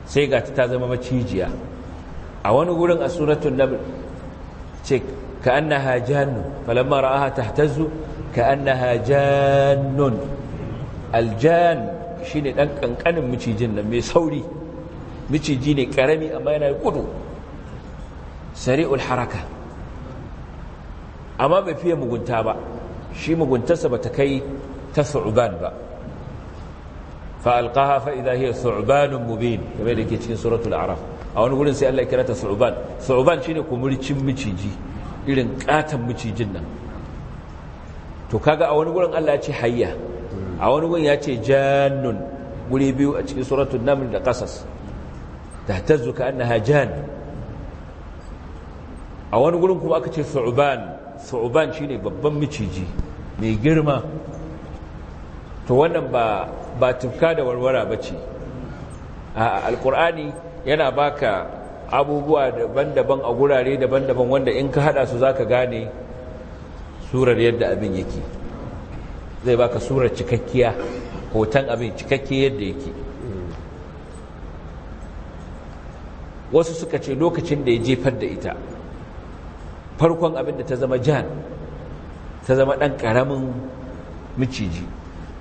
sai ga ta zama macijiya a wani gurin a suratul naml ce ka annaha jannu falamma ra'aha tahtazzu ka annaha jannun aljan shine dan kankanin micijin nan mai sauri Maciji ne karami amma yana yi kudu sari'ul haraka amma bai fiye mugunta ba shi muguntarsa ba ta kai ta su'uban ba fa’alƙaha fa’iza hiyar su'ubanin mubin game da ke cikin suratul araf a wani wurin sai allah kira ta su'uban su'uban shi ne kumuricin miciji irin ƙatan micijin nan to kaga a wani wurin allah ya ce hayya a wani wurin ya ce jannun guri biyu a cikin suratul namun da ƙasas tahtazzu ka annaha jan a wani gurin kuma aka ce su'uban su'uban shine babban maciji mai girma to wannan ba ba tufka da warwara bace a alqur'ani yana baka abubuwa daban-daban a gurare daban-daban wanda in ka haɗa su zaka gane surar yadda abin yake zai baka surar cikakkiya hoton abin cikakke yadda yake wasu suka ce lokacin da ya jefar da ita farkon abin da ta zama jan ta zama ɗan ƙaramin miciji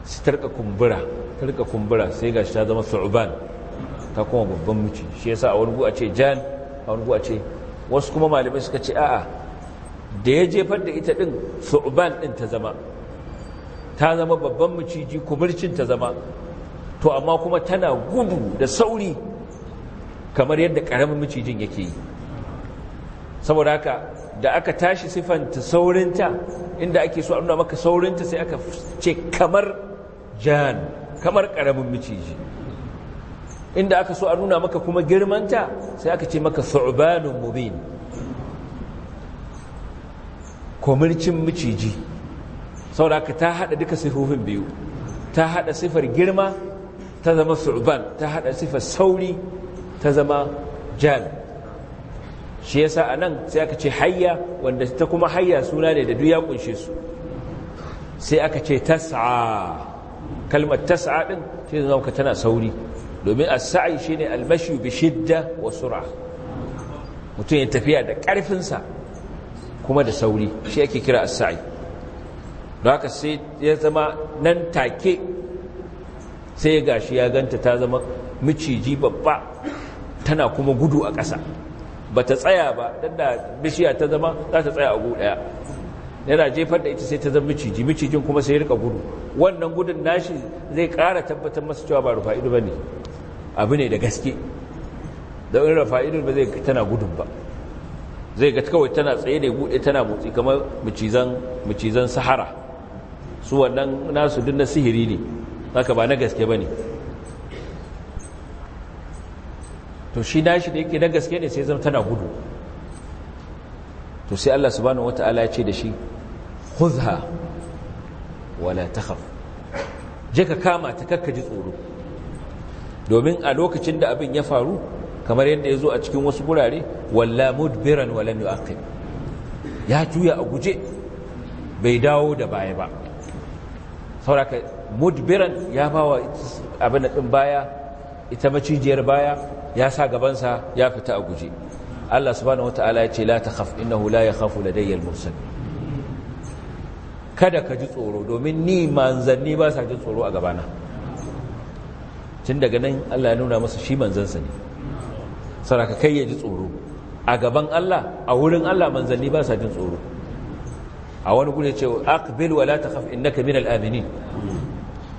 su tarka kumbura tarka kumbura sai ga ta zama su'uban ta kuma babban miciji shi yasa a wani a ce jan a wani a ce wasu kuma malamai suka ce a'a da ya jefar da ita ɗin su'uban ɗin ta zama ta zama babban miciji kumurcin ta zama to amma kuma tana gudu da sauri kamar yadda ƙaramin macijin yake yi saboda haka da aka tashi siffanta saurinta inda ake so a nuna maka saurinta sai aka ce kamar jan kamar ƙaramin maciji inda aka so a nuna maka kuma girmanta sai aka ce maka su'banun mubin kwamircin maciji saboda haka ta haɗa duka sifofin biyu ta haɗa sifar girma ta zama su'ban ta haɗa sifar sauri ta zama jal shi yasa a nan sai aka ce hayya wanda ta kuma hayya suna ne da duk ya kunshe su sai aka ce tas'a kalmar tas'a din shi zama ka tana sauri domin a sai shine al bi shidda wa sur'a mutum ya tafiya da ƙarfinsa kuma da sauri shi ake kira a sai don haka sai ya zama nan take sai gashi ya ganta ta zama miciji babba tana kuma gudu a ƙasa ba ta tsaya ba don da bishiya ta zama za ta tsaya a gu ɗaya yana jefar da ita sai ta zama miciji micijin kuma sai rika gudu wannan gudun nashi zai ƙara tabbatar masa cewa ba rufa ido ba ne abu ne da gaske da in rufa ido ba zai tana gudun ba zai ga kawai tana tsaye da buɗe tana motsi kamar micizan sahara su wannan nasu duk na sihiri ne haka ba na gaske ba ne to shi nashi da yake na gaske ne sai zama tana gudu to sai Allah subhanahu wata'ala ya ce da shi khudha wala takhaf je ka kama ta kakka ji tsoro domin a lokacin da abin ya faru kamar yadda ya zo a cikin wasu gurare walla mudbiran wala yu'aqib ya juya a guje bai dawo da baya ba sauraka mudbiran ya bawa abin din baya ita macijiyar baya ya sa gabansa ya fita a guje Allah subhanahu wataala ya ce la takhaf innahu la yakhafu ladayya mursal kada ka ji tsoro domin ni manzanni ba sa ji tsoro a gabana tun daga nan Allah ya nuna masa shi manzansa ne saraka kai ya ji tsoro a gaban Allah a wurin Allah manzanni ba sa jin tsoro a wani gure ce aqbil wa la takhaf innaka minal aminin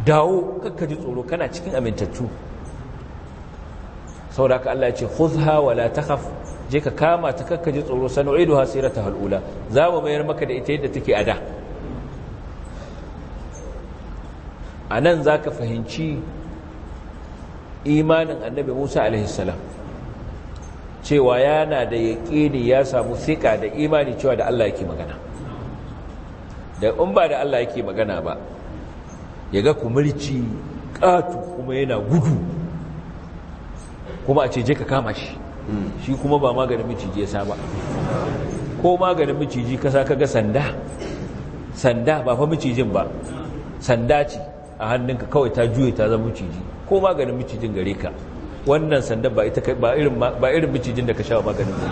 dawo kakka ji tsoro kana cikin amintattu saboda ka Allah ya ce khudha wa la takhaf je ka kama ta kakka ji tsoro sanu'iduha sirataha alula za mu mayar maka da ita yadda take a da anan zaka fahimci imanin annabi Musa alaihi salam cewa yana da yaqini ya samu sika da imani cewa da Allah yake magana da in ba da Allah yake magana ba ya ga kumurci ƙatu kuma yana gudu kuma a ce je ka kama shi hmm. shi kuma ba maganin miciji ya ba, ko maganin miciji kasa ka ga sanda sanda ba fa micijin ba sanda ce a hannunka kawai ta juya ta zama miciji ko maganin micijin gare ka wannan sanda ba ita irin micijin da ka sha maganin ba,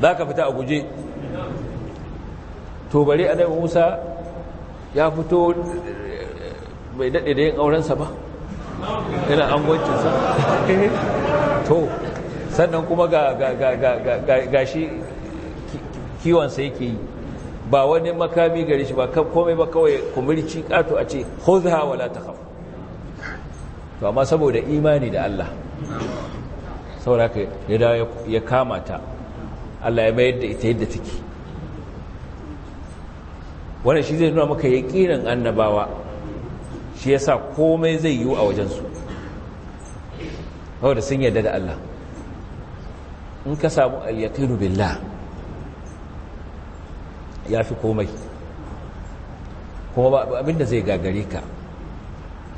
za ka fita a guje to bare annabi Musa ya fito bai dade da yin aurensa ba irin angoncinsa to sannan kuma ga shi kiwonsa yake yi ba wani makami gari shi ba komai ba kawai kumurci kato a ce hozha wala ta hau to amma saboda imani da Allah sauraka ya dawo ya kamata, Allah ya mayar da ita yadda take wannan shi zai nuna maka yaƙinin annabawa shi yasa komai zai yiwu a wajensu da sun yarda da Allah in ka samu al-yaqinu billah yafi komai kuma ba abinda zai gagare ka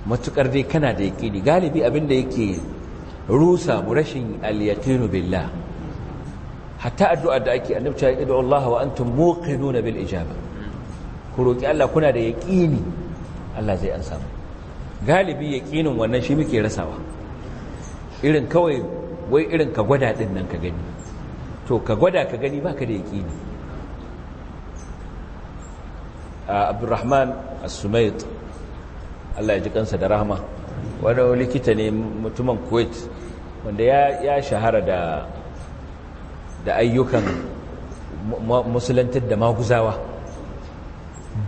matukar dai kana da yaqini galibi abinda yake rusa mu rashin al-yaqinu billah hatta addu'a da ake annabta ya idu Allah wa antum muqinuna bil ijaba ku roki Allah kuna da yaqini Allah zai an samu galibi yaƙinin wannan shi muke rasawa irin kawai wai irin ka gwada din nan ka gani to ka gwada ka gani ba ka da yaƙini Abdulrahman As-Sumayt Allah ya ji kansa da rahama wani likita ne mutumin Kuwait wanda ya shahara da da ayyukan musulantar da maguzawa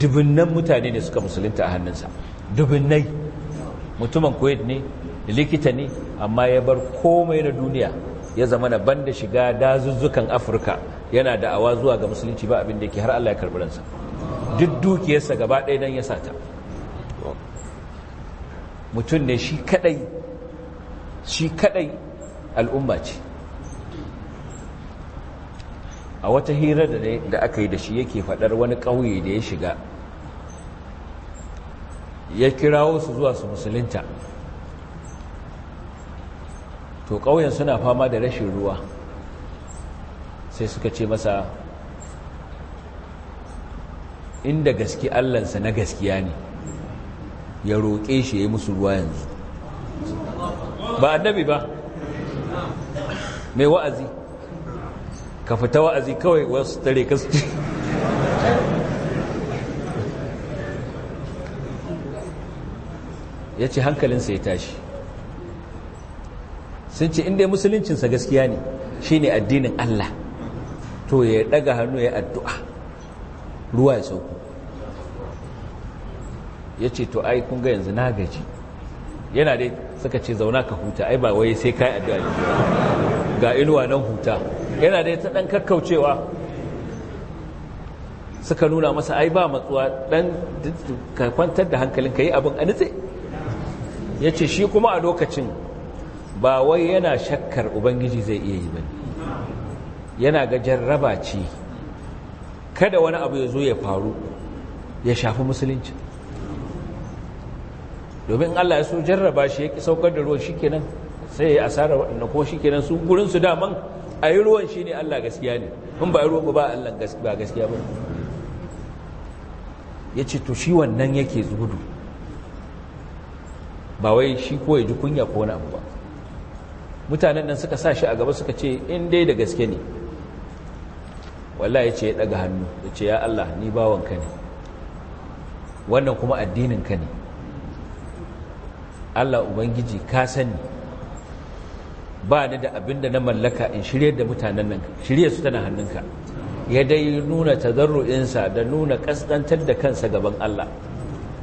dubunnan mutane ne suka musulunta a hannunsa dubunnai mutumin kuwait ne likita ne amma ya bar komai na duniya ya zama na ban da shiga dazuzzukan afirka yana da awa zuwa ga musulunci ba abinda yake har allah ya karbi ransa duk dukiyarsa gaba ɗaya nan ya sata mutum ne shi kadai shi kadai al'umma ce a wata hira da da aka yi da shi yake faɗar wani ƙauye da ya shiga ya kirawo su zuwa su musulunta to ƙauyen suna fama da rashin ruwa sai suka ce masa inda gaske allansa na gaskiya ne ya roƙe shi ya yi musu ruwa yanzu ba annabi ba mai wa'azi ka fita wa'azi kawai wasu tare ka su ya ce hankalinsa ya tashi sun ce inda musuluncinsa gaskiya ne shi ne addinin Allah to ya daga hannu ya addu'a ruwa ya sauku ya ce to ai kunga yanzu na gaji yana dai suka ce zauna ka huta ai ba wai sai kai addu'a ga inuwa nan huta yana da ta ɗan kakkaucewa suka nuna masa ai ba matsuwa ɗan ka kwantar da hankalin ka yi abin a nutse ya ce shi kuma a lokacin ba wai yana shakkar ubangiji zai iya yi bane yana ga jarraba ce kada wani abu ya zo ya faru ya shafi musulunci domin Allah ya so jarraba shi ya ki saukar da ruwan shikenan sai ya asara waɗanda ko shikenan su gurinsu daman a ruwan shi ne Allah gaskiya ne in ba ruwan ba Allah ba gaskiya ba ya to shi wannan yake zuhudu ba wai shi ko ya ji kunya ko wani abu ba mutanen nan suka sa shi a gaba suka ce in dai da gaske ne wallahi ya ce ya daga hannu ya ce ya Allah ni bawanka ne wannan kuma addininka ne Allah Ubangiji ka sani ba ni da abin da na mallaka in shirye da mutanen nan shirye su tana hannunka ya dai nuna tazarru'insa da nuna kaskantar da kansa gaban Allah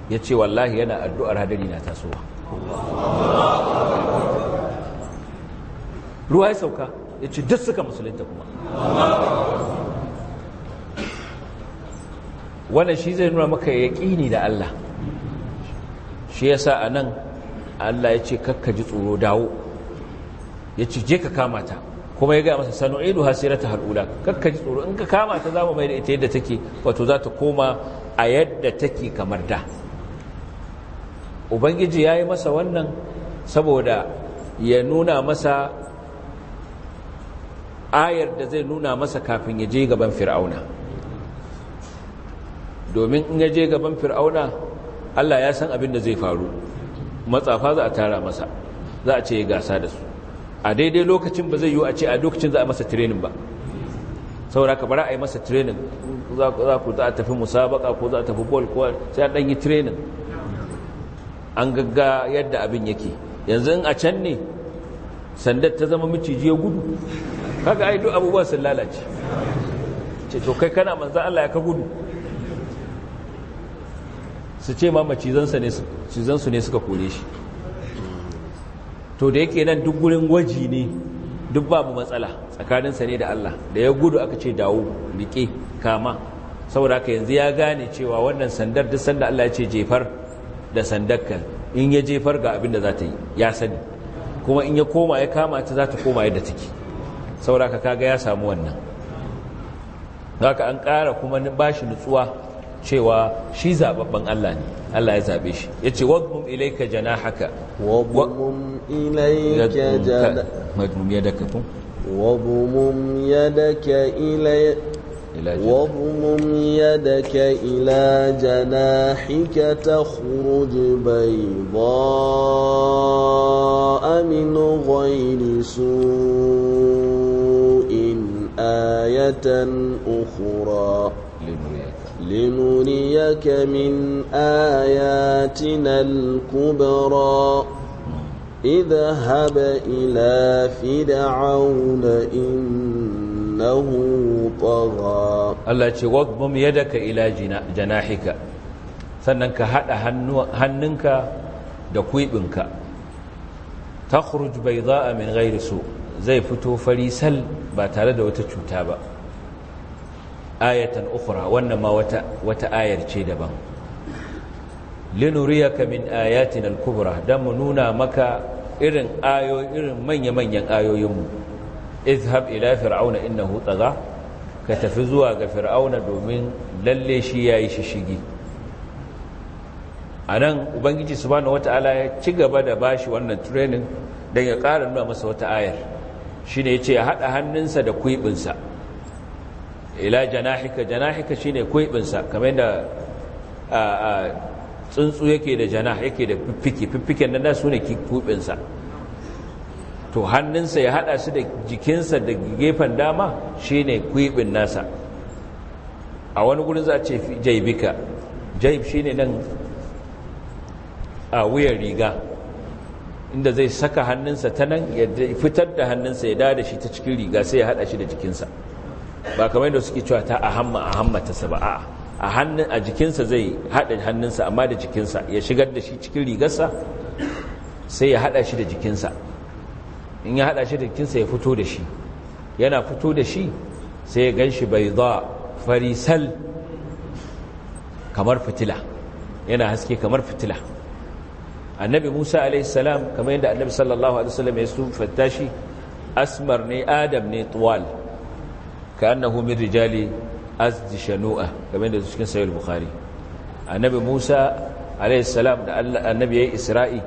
ya ce wallahi yana addu'ar hadari na tasowa ruwa ya sauka ya ce duk suka musulunta kuma wannan shi zai nuna maka yaƙini da Allah shi ya sa a nan Allah ya ce kakka ji tsoro dawo ya ce je ka kama ta kuma ya gaya masa sanu'idu hasirata hal'ula kakka ji tsoro in ka kama ta za mu mai da ita yadda take wato za ta koma a yadda take kamar da ubangiji ya yi masa wannan saboda ya nuna masa ayar da zai nuna masa kafin ya je gaban fir'auna domin in ya je gaban fir'auna allah ya san abin da zai faru matsafa za a tara masa za a ce ya gasa da su a daidai lokacin ba zai yi a ce a lokacin za a masa training ba saboda ka bara a yi masa training za ku za a tafi musabaka ko za a tafi bol ko sai a yi training an gagga yadda abin yake yanzu a can ne sandar ta zama miciji ya gudu kaga ai duk abubuwa sun lalace ce to kai kana manzan Allah ya ka gudu su ce ma macizansu ne suka kore shi to da yake nan duk gurin gwaji ne duk babu matsala tsakaninsa ne da Allah da ya gudu aka ce dawo rike kama saboda haka yanzu ya gane cewa wannan sandar duk sanda Allah ya ce jefar da sandarka in ya jefar ga abin da za ta yi ya sani kuma in ya koma ya kama ta za ta koma yadda take saboda haka kaga ya samu wannan haka an ƙara kuma bashi nutsuwa cewa shi zababban Allah ne Allah ya zabe shi yace wadmum ilayka janahaka wadmum ilayka janahaka yadaka kun wadmum yadaka ilay وضمم يدك إلى جناحك تخرج بيضاء من غير سوء آية أخرى لنريك من آياتنا الكبرى اذهب إلى فرعون إنه طغى الله يقول واضمم يدك إلى جناحك sannan ka haɗa hannunka da kwiɓinka ta bai za a min gairu so zai fito sal ba tare da wata cuta ba ayatan ukhra wannan ma wata wata ayar ce daban linuriyaka min ayatina al-kubra dan mu nuna maka irin ayo irin manya-manyan ayoyinmu izhab ila fir'auna innahu tagha ka tafi zuwa ga fir'auna domin lalle shi yayi shishigi anan ubangiji subhanahu wataala ya ci gaba da bashi wannan training dan ya ƙara nuna masa wata ayar shine yace ya hada hannunsa da kuibinsa ila janahika janahika shine kuibinsa kamar yadda tsuntsu yake da janah yake da fiffike fiffiken nan da sune kuibinsa to hannunsa ya hada su da jikinsa da gefen dama shine kuibin nasa a wani gurin za a ce jaibika jaib shine nan a wuyan riga inda zai saka hannunsa ta nan ya fitar da hannunsa ya dada shi ta cikin riga sai ya hada shi da jikinsa ba kamar yadda suke cewa ta ahamma ahamma ta saba a a hannun a jikinsa zai haɗa hannunsa amma da jikinsa ya shigar da shi cikin rigarsa sai ya haɗa shi da jikinsa in ya haɗa shi da jikinsa ya fito da shi yana fito da shi sai ya ganshi bai za farisal kamar fitila yana haske kamar fitila annabi musa alaihissalam kamar yadda annabi sallallahu alaihi wasallam ya su fattashi asmar ne adam ne tuwal ka annahu min rijali azdi shanu'a kamar da cikin sahih bukhari annabi Musa alayhi salam da annabi yayi Isra'i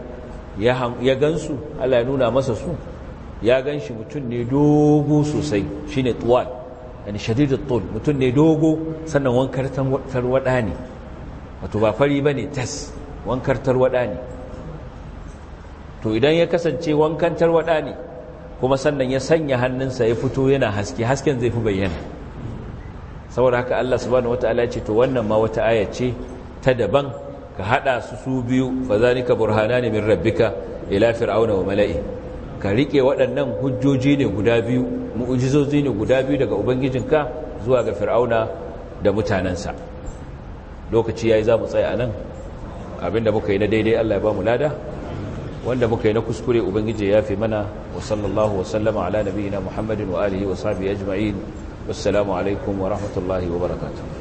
ya gansu Allah ya nuna masa su ya ganshi mutun ne dogo sosai shine tuwal yani shadidut tul mutum ne dogo sannan wankar tarwada wato ba fari bane tas wankar tarwada ne to idan ya kasance wankan tarwada ne kuma sannan ya sanya hannunsa ya fito yana haske hasken zai fi bayyana saboda haka Allah subhanahu wataala ya ce to wannan ma wata aya ce ta daban ka hada su su biyu fa zalika burhanani min rabbika ila fir'auna wa mala'i ka rike waɗannan hujjoji ne guda biyu mu'jizozi ne guda biyu daga ubangijinka zuwa ga fir'auna da mutanansa lokaci yayi za mu tsaya anan abinda muka yi na daidai Allah ya ba mu lada wanda muka yi na kuskure ubangiji ya fi mana wa sallallahu wa sallama ala nabiyina muhammadin wa alihi wa sahbihi ajma'in wassalamu alaikum wa rahmatullahi wa barakatuh